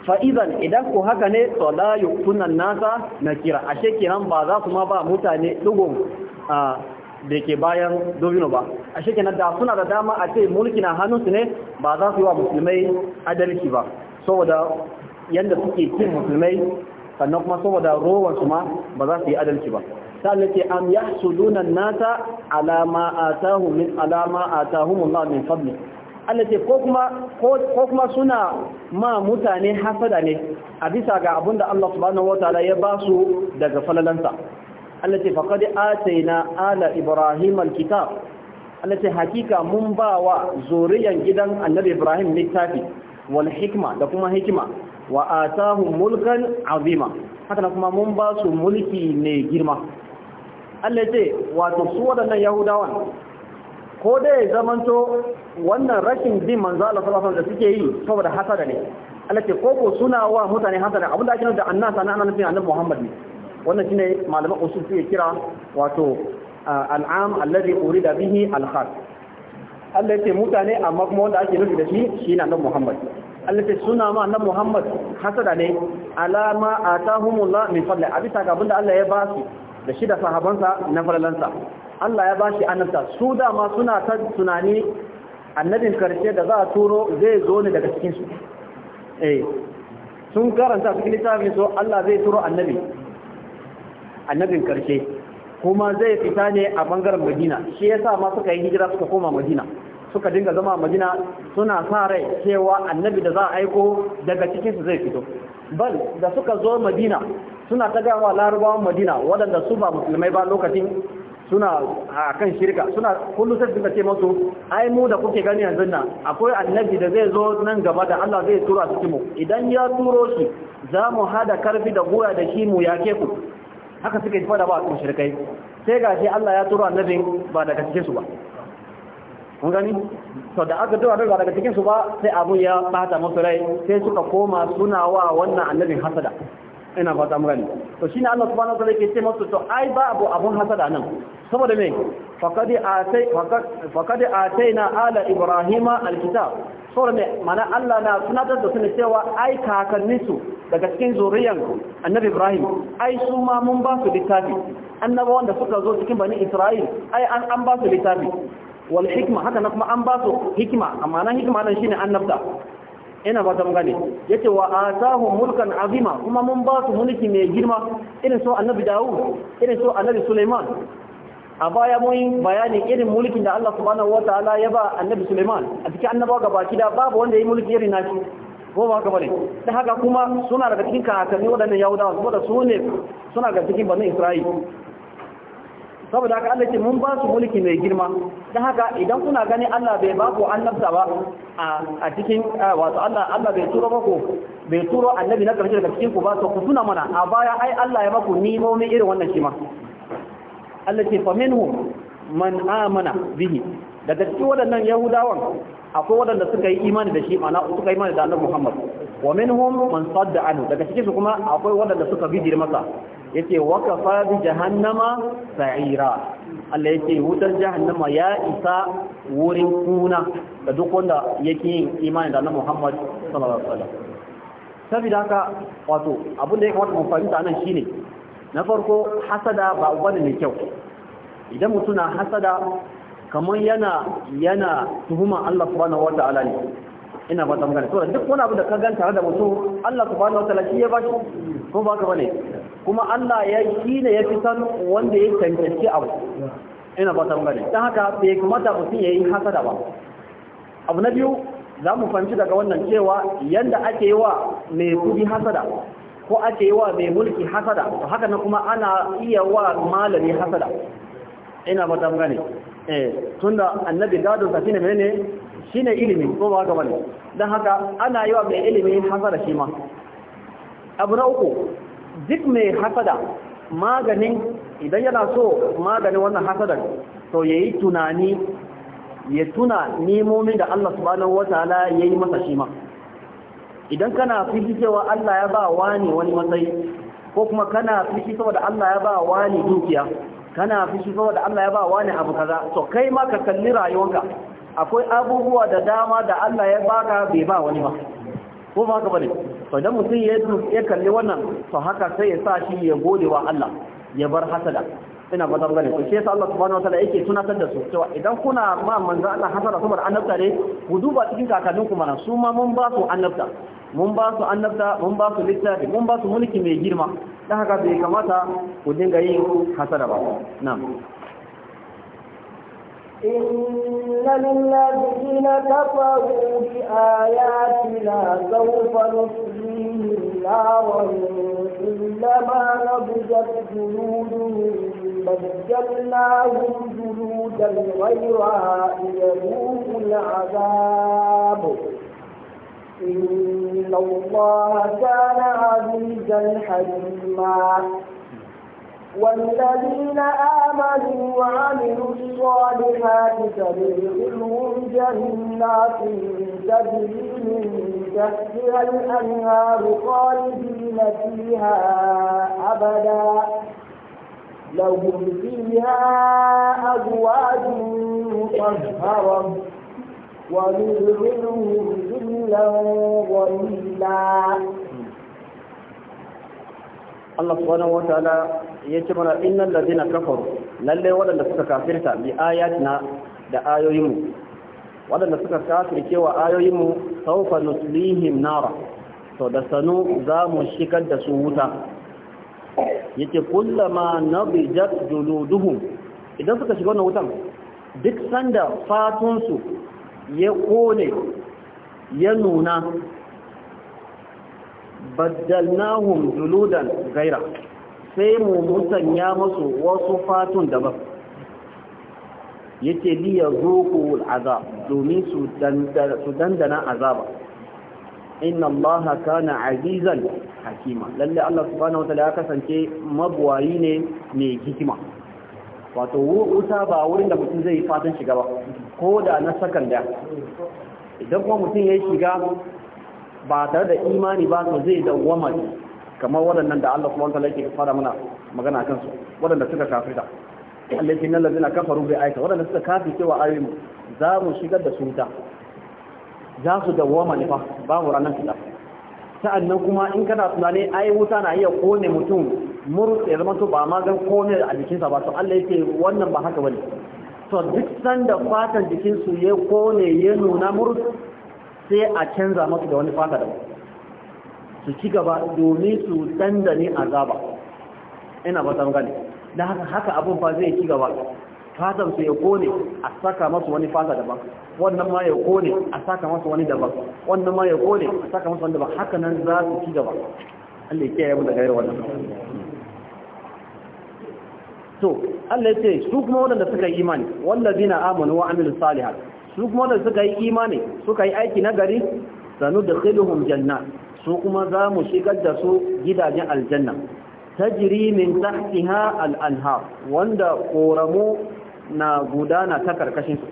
Faizan idan ku haka ne to la yukunna nasa na nakira ashe kenan ba za su ma ba mutane dugun ah, da ke bayan domino ba a shekin da suna da dama a ce mulki na hannunsu ne ba za su yi wa musulmai adalci ba saboda yadda suke cin musulmai sannan kuma saboda rowansu ma ba za su yi adalci ba sannan ce an ya dunan nata alama atahu min alama atahumullah min fadli Allah ce ko kuma suna ma mutane hasada ne a bisa ga abinda Allah subhanahu ta'ala ya ba su daga falalansa Allah ce faqad ataina ala ibrahim alkitab Allah ce hakika mun ba wa zuriyan gidan annabi ibrahim littafi wal hikma da kuma hikima wa atahum mulkan azima haka kuma mun ba su mulki ne girma Allah ce wato su wadannan yahudawan ko dai zamanto wannan rashin bin manzo Allah sallallahu alaihi wasallam da suke yi saboda hasada ne Allah ce ko ko suna wa mutane hasada abinda ake nuna da annasa na annabi Muhammad ne wannan shine malaman usul suke kira wato al'am alladhi urida bihi al-khas Allah ya mutane amma kuma wanda ake nufi da shi shine annabi Muhammad Allah ya ce suna ma annabi Muhammad hasada ne alama atahumullah min fadli abisa ga abinda Allah ya ba su da shi da sahabansa na farlansa Allah ya bashi annabta su dama suna ta tunani annabin karshe da za a turo zai zo ne daga cikin su eh sun karanta cikin littafin so Allah zai turo annabi annabin karshe kuma zai fita ne a bangaren madina shi yasa ma suka yi hijira suka koma madina suka dinga zama a madina suna sa rai cewa annabi da za a aiko daga cikinsu zai fito bal da suka zo madina suna ta gawa larabawan madina waɗanda su ba musulmai ba lokacin suna a kan shirka suna kullum sai suka ce masu ai mu da kuke gani yanzu nan akwai annabi da zai zo nan gaba da Allah zai tura cikin mu idan ya turo shi za mu hada karfi da goya da shi mu yake ku haka suka yi fada ba a kai sai ga shi Allah ya turo annabin ba daga cikin su ba kun gani to da aka turo annabin ba daga cikin su ba sai abu ya bata musu rai sai suka koma suna wa wannan annabin hasada ina fata mu gani to shine Allah subhanahu wataala yake ce musu to ai ba abu abun hasada nan saboda me faqad atay faqad faqad atayna ala ibrahima alkitab saboda ne mana Allah na tunatar da su ne cewa ai su daga cikin zuriyan annabi Ibrahim ai su ma mun ba su littafi annaba wanda suka zo cikin bani Isra'il ai an an ba su littafi wal hikma haka na kuma an ba su hikima amma nan hikima nan shine annabta ina ba ta gane yace wa atahu mulkan azima kuma mun ba su mulki mai girma irin so annabi Dawud irin so annabi Sulaiman a baya mun bayani irin mulkin da Allah subhanahu wataala ya ba annabi Sulaiman a cikin annabawa gabaki da babu wanda ya yi mulki irin nashi ko ba haka bane dan haka kuma suna daga cikin kakanni waɗannan Yahudawa saboda su ne suna daga cikin bani Isra'il saboda haka Allah ya ce mun ba su mulki mai girma dan haka idan kuna gani Allah bai ba ku annabta ba a cikin wato Allah Allah bai turo ku bai turo annabi na karshe daga cikin ku ba to ku tuna mana a baya ai Allah ya maku nimomi irin wannan shi ma Allah ce fa minhum man amana bihi daga cikin waɗannan yahudawan akwai waɗanda suka yi imani da shi maana suka yi imani da annabi Muhammad wa minhum man sadda anhu daga cikin su kuma akwai waɗanda suka bi bijire masa yace wa kafa bi jahannama sa'ira Allah yace wutar jahannama ya isa wurin kuna da duk wanda yake yin imani da annabi Muhammad sallallahu alaihi wasallam saboda haka wato abin da ya kamata mu fahimta nan shine na farko hasada ba abu mai kyau idan mutum na hasada kamar yana yana tuhuma Allah subhanahu wata'ala ne ina ba ta magana to duk wani abu da ka ganta tare da mutum Allah subhanahu wata'ala shi ya ba shi ko ba ka bane kuma Allah ya shi ne ya fi san wanda ya tantance abu ina ba ta magana dan haka bai kamata mutum ya yi hasada ba abu na biyu za mu fahimci daga wannan cewa yanda ake yi wa mai kudi hasada ko ake yi wa mai mulki hasada haka na kuma ana iya wa malami hasada ina ba gane eh tunda annabi gado ta shine menene shine ilimi ko ba haka bane dan haka ana yi wa mai ilimi hasada shi ma abu na uku duk mai hasada magani? idan yana so maganin wannan hasada to yayi tunani ya tuna nimomin da Allah subhanahu wataala yayi masa shi ma idan kana fiki cewa Allah ya ba wani wani matsayi ko kuma kana fiki saboda Allah ya ba wani dukiya kana fiki saboda Allah ya ba wani abu kaza to kai ma ka kalli rayuwarka akwai abubuwa da dama da Allah ya baka bai ba wani ba ko ba ka bane to idan mutum ya ya kalli wannan to haka sai ya sa shi ya gode wa Allah ya bar hasada ina ba zan gane ko Allah subhanahu ta'ala yake tunatar da su cewa idan kuna ma manzo Allah hasara saboda annabta ne ku duba cikin kakannin ku mana su ma mun ba su annabta mun ba su annabta mun ba su littafi mun ba su mulki mai girma dan haka bai kamata ku dinga yin hasara ba na'am إن للذين كفروا بآياتنا سوف نصليهم نارا كلما نضجت جلودهم بدلناهم جلودا غيرها ليذوقوا العذاب إن الله كان عزيزا حكيما والذين آمنوا وعملوا الصالحات سنرحلهم جنات تجري من تحتها الأنهار خالدين فيها أبدا لهم فيها أزواج مطهرة ونزلهم ذلا ظليلا Allah subhanahu wataala ya ce mana innal ladina kafaru lalle waɗanda suka kafirta bi ayatina da ayoyinmu waɗanda suka kafirce wa ayoyinmu sawfa nuslihim nara to da sanu za mu shigar da su wuta yace kullama nabijat juluduhum idan suka shiga wannan wutan duk sanda fatunsu ya kone ya nuna baddalnahum juludan gaira sai mu musanya musu wasu fatun ba yace li yazuqu al'azab domin su dandana su dandana azaba inna allaha kana azizan hakima lalle allah subhanahu wataala ya kasance mabwayi ne mai hikima wato wuta ba wurin da mutum zai fatan shiga ba ko da na sakan idan kuma mutum ya shiga ba tare da imani ba su zai dawwama ne kamar waɗannan da Allah kuma wataala yake fara mana magana a su waɗanda suka kafirta Allah ya nan lazina kafaru bi aika waɗanda suka kafi cewa ayoyin za mu shigar da su da za su dawwama ne fa babu ranar fita sa'annan kuma in kana tunani ai wuta na iya kone mutum murus ya zama to ba ma gan kone a jikinsa ba to Allah yake wannan ba haka bane to duk sanda fatan jikinsu ya kone ya nuna murus sai a canza masu da wani fata daban su ci gaba domin su dandane azaba ina ba gani da haka abin fa zai ci gaba fatan su ya kone a saka masu wani fata daban wannan ma ya kone a saka masu wani daban wannan ma ya kone a saka masu wani daban haka nan za su ci gaba Allah ya kiyaye mu daga irin wannan to Allah ya ce su kuma waɗanda suka yi imani wallazina amanu wa amilus salihat su kuma da suka yi imani suka yi aiki na gari sanu da khiluhum janna su kuma za mu shigar da su gidajen aljanna tajri min tahtiha al anha wanda koramu na gudana ta karkashin su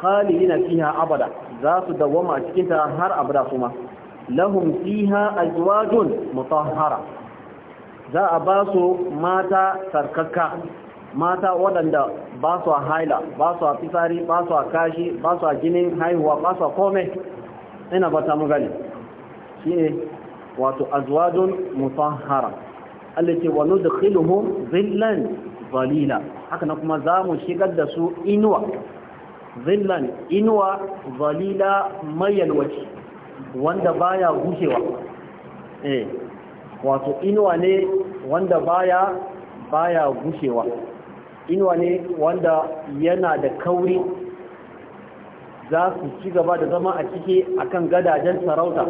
khalidina fiha abada za su dawama a cikin har abada kuma lahum fiha azwajun mutahhara za a ba su mata sarkakka mata waɗanda ba su a haila ba su a fitsari ba su a kashi ba su a jinin haihuwa ba su a kome. ina ba ta mu shi ne wato azwadun mutahhara wani da nudkhiluhum zillan zalila haka na kuma za mu shigar da su inuwa zillan inuwa zalila mayalwaci wanda baya gushewa eh, wato inuwa ne wanda baya baya gushewa inuwa ne wanda yana da kauri za su ci gaba da zama a ciki akan gadajen sarauta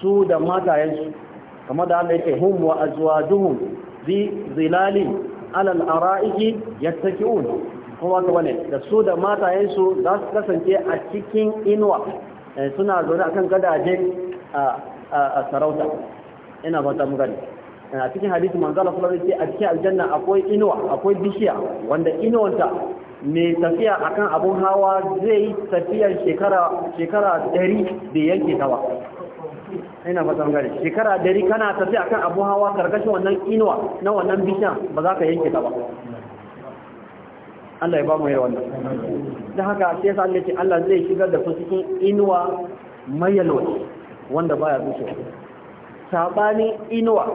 su da matayensu kama da Allah yake hum wa azwajuhum bi zilalin alal ara'iki yattaki'un kuma ka bane da su da matayensu za su kasance a cikin inuwa eh, suna zaune kan gadajen a sarauta ina fata mu gani a cikin hadisi manzo Allah sallallahu alaihi wasallam a cikin aljanna akwai inuwa akwai bishiya wanda inuwanta mai tafiya akan abun hawa zai tafiya shekara shekara 100 da yanke tawa ina fatan gari shekara 100 kana tafiya akan abun hawa karkashin wannan inuwa na wannan bishiya ba za ka yanke ta ba Allah ya ba mu yi wannan da haka sai sa Allah ce Allah zai shigar da su cikin inuwa mayalwaci wanda baya zuciya sabani inuwa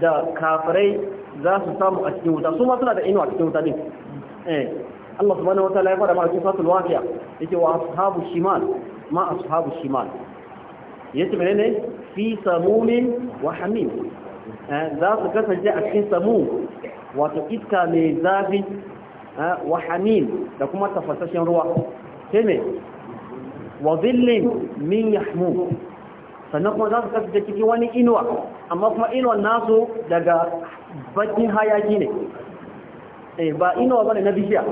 da kafirai za su samu a cikin wuta su ma suna da inuwa cikin wuta din eh Allah subhanahu wataala ya fara ma cikin suratul waqi'a yake wa ashabu shimal ma ashabu shimal yace menene fi samumin wa hamim eh, za su kasance a cikin samu wato iska mai zafi eh, wa hamim da kuma tafasashen ruwa sai ne wa zillin min yahmum sannan kuma za su kasance cikin wani inuwa amma kuma inuwan nasu daga bakin hayaki ne eh ba inuwa bane na bishiya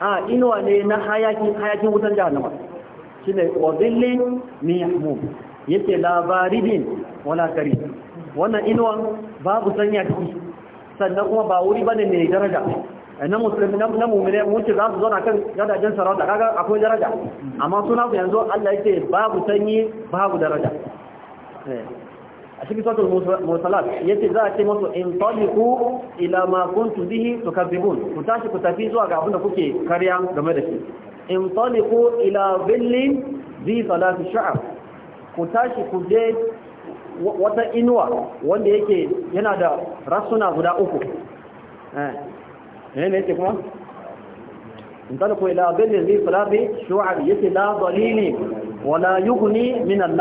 a inuwa ne na hayaki hayakin wutan jahannama shine wadillin min yahmum yake labaridin wala kari wannan inuwan babu sanya ciki sannan kuma ba wuri bane ne daraja eh, na musulmi na mummune ce za su zo na kan gadajen sarauta kaga akwai daraja amma suna ku yanzu Allah yake babu sanyi babu daraja eh. a cikin sautar musalat ya ce za a ce masu in taliku ila ma kuntu bihi tukazzibun ku tashi ku tafi zuwa ga abinda kuke karya game da shi in ku ila billin zi salatu sha'ar ku tashi ku je wata inuwa wanda yake yana da rasuna guda uku ne ne ce kuma in taliku ila billin zi salatu ya ce la dalili wala yi min al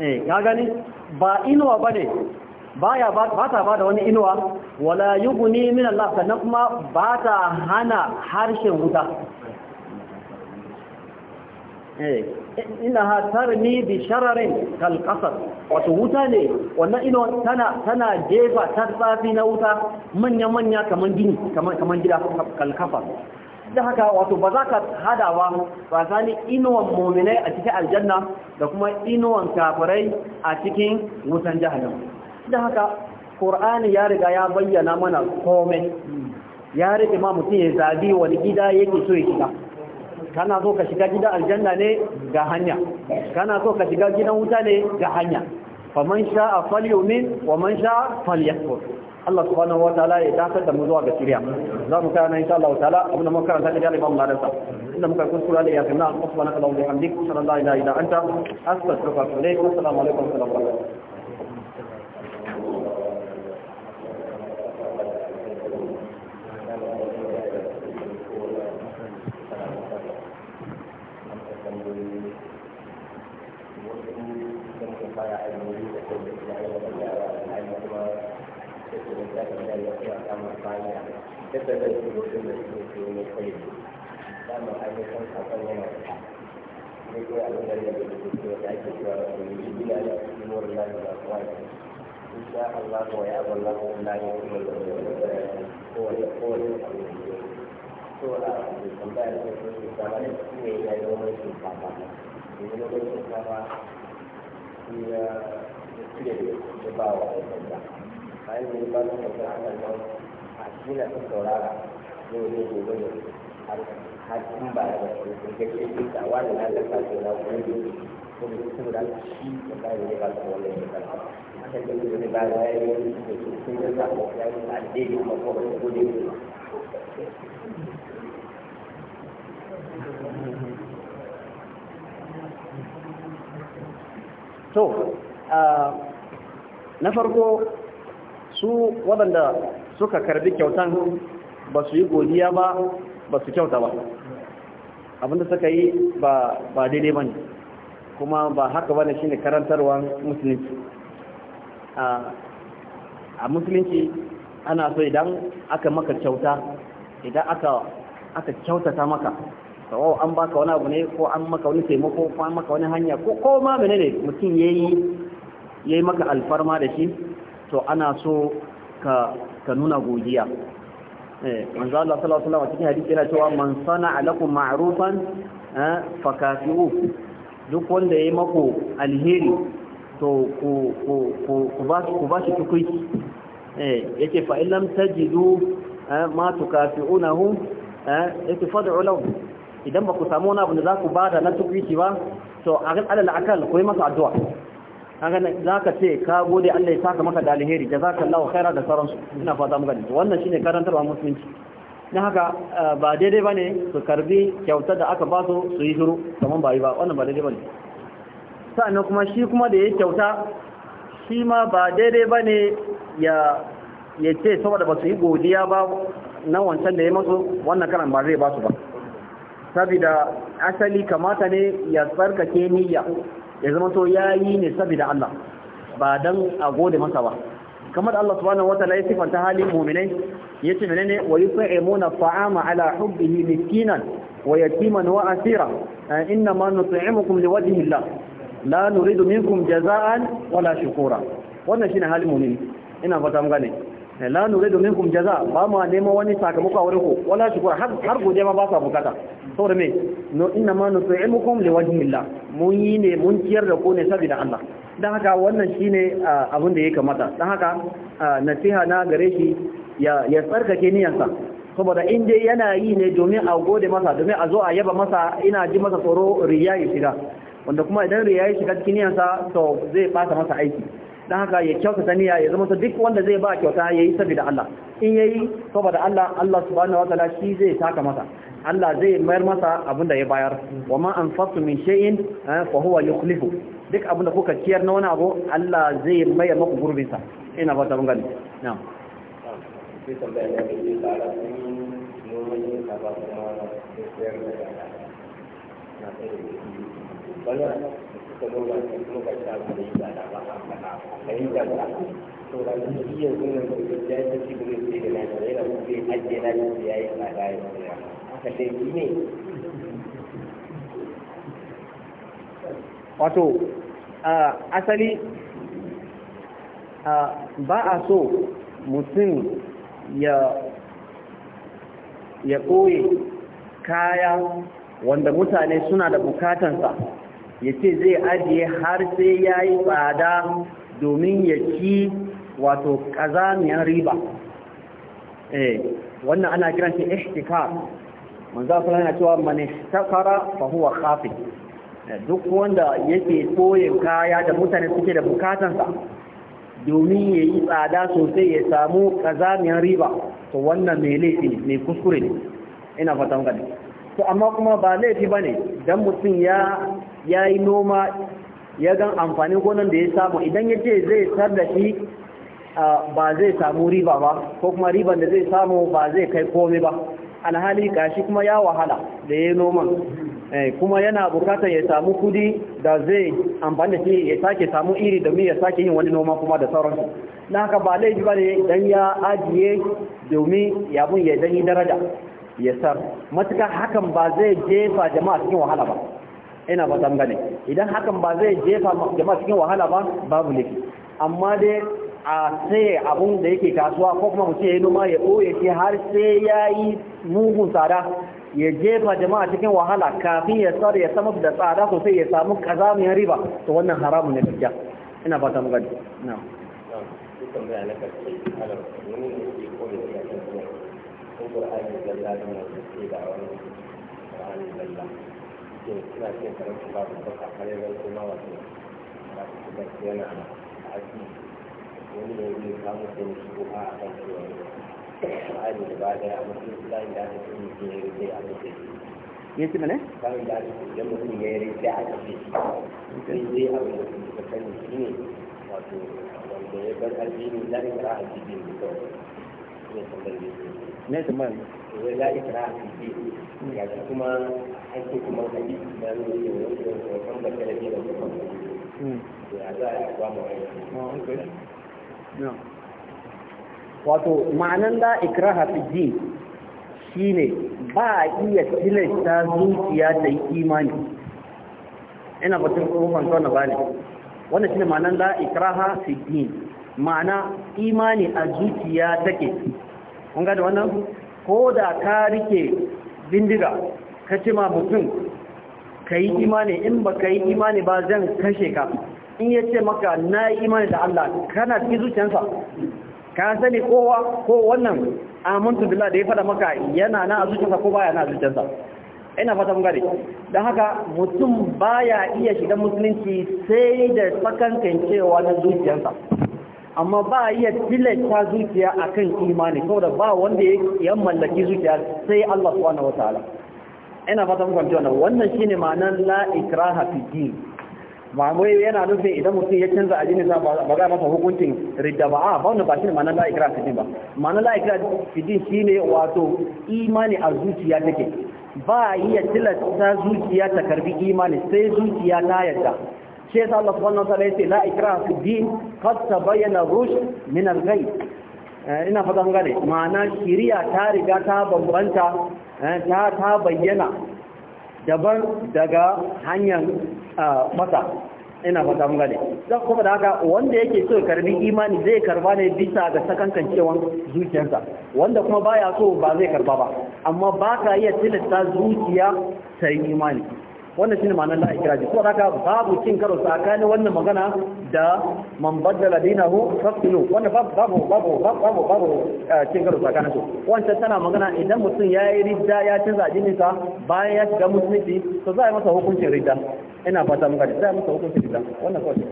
eh ya gani ba inuwa ba ne ba ta ba da wani inuwa wala guni min Allah sannan kuma ba ta hana harshen wuta Ina eh, innaha ni bi shararin kalkasar wato wuta ne wannan ino tana jefa jefa tsafi na wuta manya manya kamar gini kaman gida kal da haka wato ba za ka hada ba ba ni inuwan mominai a cikin aljanna da kuma inuwan kafirai a cikin wutan jahannam da haka ƙur'ani ya riga ya bayyana mana komai ya riga ma mutum ya zabi wani gida yake so ya shiga kana so ka shiga gidan aljanna ne ga hanya kana so ka shiga gidan wuta ne ga hanya faman a falyumin wa man sha'a falyakfur Allah subhanahu wa ta'ala ya dakatar da mu zuwa ga shirya za mu kana insha Allah ta'ala abin da muka karanta da dalibin madarasa inda muka kuskura da yakin na subhanaka Allahumma bihamdika sallallahu la ilaha illa anta astaghfiruka wa atubu ilaik assalamu alaikum wa rahmatullahi wa barakatuh mafiya samun fa'ida duk da zai fi mutum da suke ke ne kai samun ainihin sakon yana da ne kawai abin da ya rubuta da ake cewa da kuma yi biya da kuma wani da ba kuwa insha Allah ko ya bar lahu la ya kuma da ko wani ko wani abu ne to a tambayar da ke cikin sama ne ne ya yi wani ne wani ya da ba wa ɗan bayan da ba na kai an nan a cikin sun saurara yau ne gobe ne har in ba da ba sun ga shi sun da wani na da kasu na kuma ne ko da su da shi da bayan da ba su wannan ne kan haka da ne ba da yi da su sun ga za ya yi addini ko ko ko ba to ah, na farko su waɗanda suka karbi kyautan ba su yi godiya ba ba su kyauta ba abinda suka yi ba daidai ba ne kuma ba haka ba ne shi ne karantarwar musulunci a musulunci ana so idan aka maka kyauta idan aka kyautata maka sawawa an baka wani abu ne ko an maka wani taimako ko an maka wani hanya ko ko ma ne mutum ya yi maka alfarma da shi to ana so ka ka nuna godiya eh manzo Allah sallallahu alaihi wasallam cikin hadisi yana cewa man sana'a lakum ma'rufan eh, fakafi'u duk wanda yayi mako alheri to ku ku ku ku ba ku ba shi tukui eh yake fa illam tajidu eh, ma tukafi'unahu eh, yake fad'u lahu idan ba ku samu wani abu da za ku bada na tukui ba to a ga alal akal ku yi masa addu'a haka za ka ce ka gode Allah ya saka maka da alheri da za ka khaira da sauransu ina fata muka gani wannan shine karantarwa musulunci na haka eh, ba daidai ba su karbi kyauta da aka ba su su yi shiru kamar ba yi ba wannan ba daidai ba ne kuma shi kuma da ya kyauta shi ma ba daidai ba ne ya ce saboda ba su yi godiya ba na wancan da ya masu wannan karan ba zai ba su ba sabida asali kamata ne ya tsarkake niyya ya zama to ya yi ne saboda Allah ba dan a gode masa ba kamar Allah subhanahu wataala ya sifanta halin mu'minai yace menene wa yut'imuna ta'ama ala hubbihi miskinan wa yatiman wa asira inna ma nut'imukum liwajhi Allah la nuridu minkum jaza'an wala shukura wannan shine halin mu'mini ina fata mun gane la domin minkum jaza ba mu neman wani sakamako a wurin ku wala shukura har har gode ma ba sa bukata saboda me no inna ma nut'imukum liwajhillah mun yi ne mun ciyar da ku ne saboda Allah dan haka wannan shine abin da ya kamata dan haka nasiha na gare shi ya ya tsarkake sa saboda in dai yana yi ne domin a gode masa domin a zo a yaba masa ina ji masa tsoro riya ya shiga wanda kuma idan riya ya shiga cikin sa to zai fasa masa aiki dan haka ya kyautata niyya ya zama duk wanda zai ba kyauta yayi saboda Allah in yayi saboda Allah Allah subhanahu wataala shi zai taka masa Allah zai mayar masa abinda ya bayar wa ma anfaqtu min shay'in fa huwa yukhlifu duk abinda kuka kiyar na wani abu Allah zai mayar maku gurbin ina ba ta mun gani na'am fahimta ba to da mun yi yanzu nan da ya yi da gure sai da lafiya yana mun zai ajiye na shi ya yi tsada ya tsaya haka dai shi ne wato asali ba a so mutum ya ya ɓoye kaya wanda mutane suna da bukatansa ya ce zai ajiye har sai ya yi tsada domin ya ci wato ƙazamiyar riba eh wannan ana kiran shi ihtikar manzo sallallahu yana cewa man istakara fa huwa khafi eh, duk wanda yake koyin kaya da mutane suke da bukatansa domin ya yi tsada sosai ya samu ƙazamiyar riba to wannan mai laifi ne kuskure ne ina fatan gani to amma kuma ba laifi bane ne don mutum ya yi noma ya gan amfanin gonan da ya samu idan ya ce zai sar da shi ba zai samu riba ba ko kuma riban da zai samu ba zai kai komai ba alhali gashi kuma ya wahala da ya noman eh, kuma yana bukatar ya samu kudi da zai amfani da shi ya sake samu iri domin ya sake yin wani noma kuma da sauransu na haka ba laifi ba ne idan ya ajiye domin yabin ya yi daraja ya sar matuka hakan ba zai jefa jama'a cikin wahala ba ina ba ta gane idan hakan ba zai jefa jama'a cikin wahala ba babu liki amma dai a sai abun da yake kasuwa ko kuma mutum ya noma ya ɓoye shi har sai ya yi mugun tsada ya jefa jama'a cikin wahala kafin ya tsara ya samu da tsada sosai ya samu kazamiyar riba to wannan haramun ne gaskiya ina ba ta na Thank ce suna cin karanci ba su baka har yanzu kuma wato ba su ci gaske yana aiki wani ne zai samu da yi. shigo ba a kan cewa ba'ani da ba daya mutum islamin da aka ce mutum ya rike a mutum ya ci mana? islamin da aka ce idan mutum ya rike a kashe shi sai zai abin da kuma ka sani shi ne wato wanda ya bar addini la ikra a cikin da kawai ne tambayar da ya ce ne tambayar da ya ce la ikra a ya ci kuma an kuma hadisi na nuna yin wanda ya san ba tare da kuma hmm. ya za a ba mu wani ah, wato ma'anan da ikraha fi din shine ba a iya tilasta zuciya ta yi imani ina batun tsohon tona na bane. wannan shine ma'anan da ikraha fi din ma'ana imani a zuciya take kun ga wannan ko da ka rike bindiga ka ce ma mutum ka yi imani in ba ka yi imani ba zan kashe ka in ya ce maka na yi imani da Allah kana fi zuciyarsa ka sani kowa ko wannan amintu bila da ya fada maka yana na a zuciyarsa ko baya na a ina fata mun don haka mutum baya iya shiga musulunci sai da tsakankan cewa na zuciyarsa amma ba a iya tilasta zuciya akan imani saboda ba wanda ya mallaki zuciya sai Allah subhanahu ta'ala ina fata muku kwanci wannan wannan shine ma'anar la ikraha fi din ba wai yana nufin idan mutum ya canza addini sa ba za masa hukuncin ridda ba a ba wannan ba shine ma'anar la ikraha fi din ba ma'anar la ikraha fi din shine wato imani a zuciya take ba a iya tilasta zuciya ta karbi imani sai zuciya ta yarda shi yasa Allah subhanahu ta'ala yace la ikraha fi din qad tabayyana rush min al-ghay eh, ina fata an gane ma'ana shari'a ta riga ta bambanta eh, ta ta bayyana daban daga hanyar mata ina fata an gane dan kuma da haka wanda yake so karbi imani zai karba ne bisa ga sakankancewan zuciyarsa wanda kuma baya so ba zai karba ba amma ba ka iya tilasta zuciya ta imani wannan shine ma'anar la ikraji ko haka babu cin karo tsakanin wannan magana da man baddala dinahu fasilu wannan babu babu babu babu babu eh, cin karo tsakanin su wannan tana magana idan mutum yayi ridda ya ci zabinin sa bayan ya shiga musulmi to za a yi masa hukuncin ridda ina fata muka da za a yi masa hukuncin ridda wannan kawai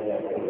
Thank you.